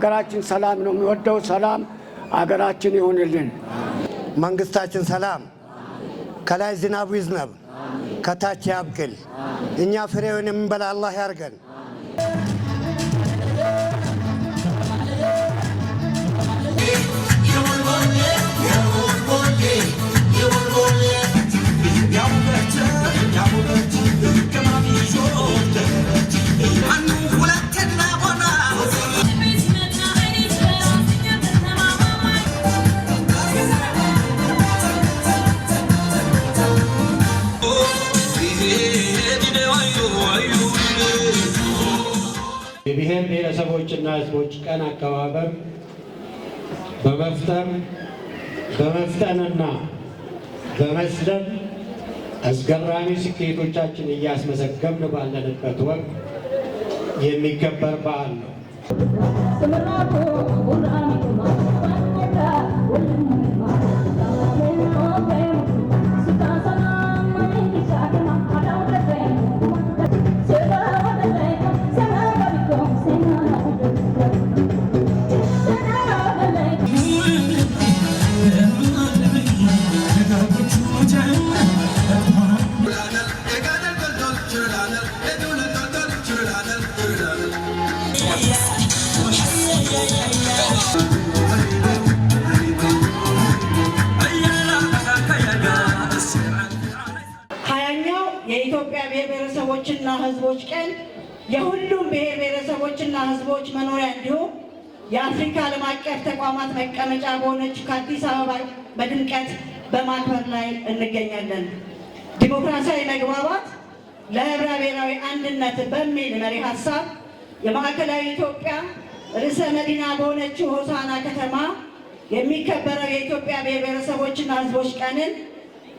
ሀገራችን ሰላም ነው የሚወደው። ሰላም ሀገራችን ይሁንልን። መንግስታችን ሰላም ከላይ ዝናቡ ይዝነብ፣ ከታች ያብቅል። እኛ ፍሬውን የምንበላ አላህ ያርገን። ብሔር ብሔረሰቦችና ህዝቦች ቀን አከባበር በመፍጠር በመፍጠንና በመስደብ አስገራሚ ስኬቶቻችን እያስመዘገብን ባለንበት ወቅት የሚከበር በዓል ነው። ሀያኛው የኢትዮጵያ ብሔር ብሔረሰቦችና ህዝቦች ቀን የሁሉም ብሔር ብሔረሰቦችና ህዝቦች መኖሪያ እንዲሁም የአፍሪካ ዓለም አቀፍ ተቋማት መቀመጫ በሆነች ከአዲስ አበባ በድምቀት በማክበር ላይ እንገኛለን። ዲሞክራሲያዊ መግባባት ለህብረ ብሔራዊ አንድነት በሚል መሪ ሀሳብ የማዕከላዊ ኢትዮጵያ ርዕሰ መዲና በሆነችው ሆሳና ከተማ የሚከበረው የኢትዮጵያ ብሔር ብሔረሰቦችና ህዝቦች ቀንን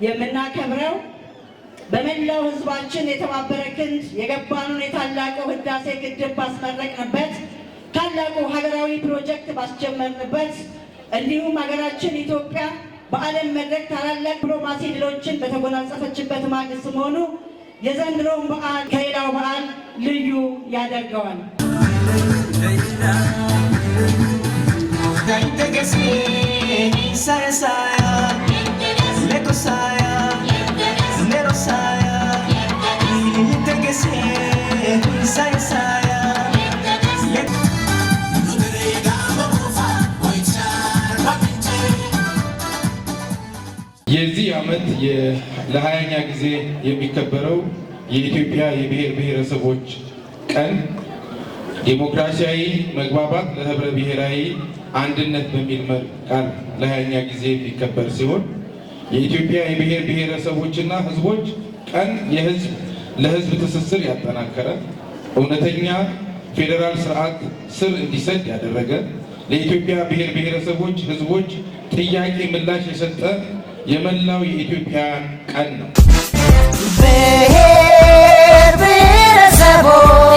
የምናከብረው በመላው ህዝባችን የተባበረ ክንድ የገባኑን የታላቀው ህዳሴ ግድብ ባስመረቅንበት ታላቁ ሀገራዊ ፕሮጀክት ባስጀመርንበት እንዲሁም ሀገራችን ኢትዮጵያ በዓለም መድረክ ታላላቅ ዲፕሎማሲ ድሎችን በተጎናጸፈችበት ማግስት መሆኑ የዘንድሮውን በዓል ከሌላው በዓል ልዩ ያደርገዋል። Thank you. የዚህ ዓመት ለሀያኛ ጊዜ የሚከበረው የኢትዮጵያ የብሔር ብሔረሰቦች ቀን ዴሞክራሲያዊ መግባባት ለህብረ ብሔራዊ አንድነት በሚል መሪ ቃል ለሀያኛ ጊዜ የሚከበር ሲሆን የኢትዮጵያ የብሔር ብሔረሰቦችና ህዝቦች ቀን የህዝብ ለህዝብ ትስስር ያጠናከረ እውነተኛ ፌዴራል ስርዓት ስር እንዲሰድ ያደረገ ለኢትዮጵያ ብሔር ብሔረሰቦች ህዝቦች ጥያቄ ምላሽ የሰጠ የመላው የኢትዮጵያ ቀን ነው። ብሔር ብሔረሰቦች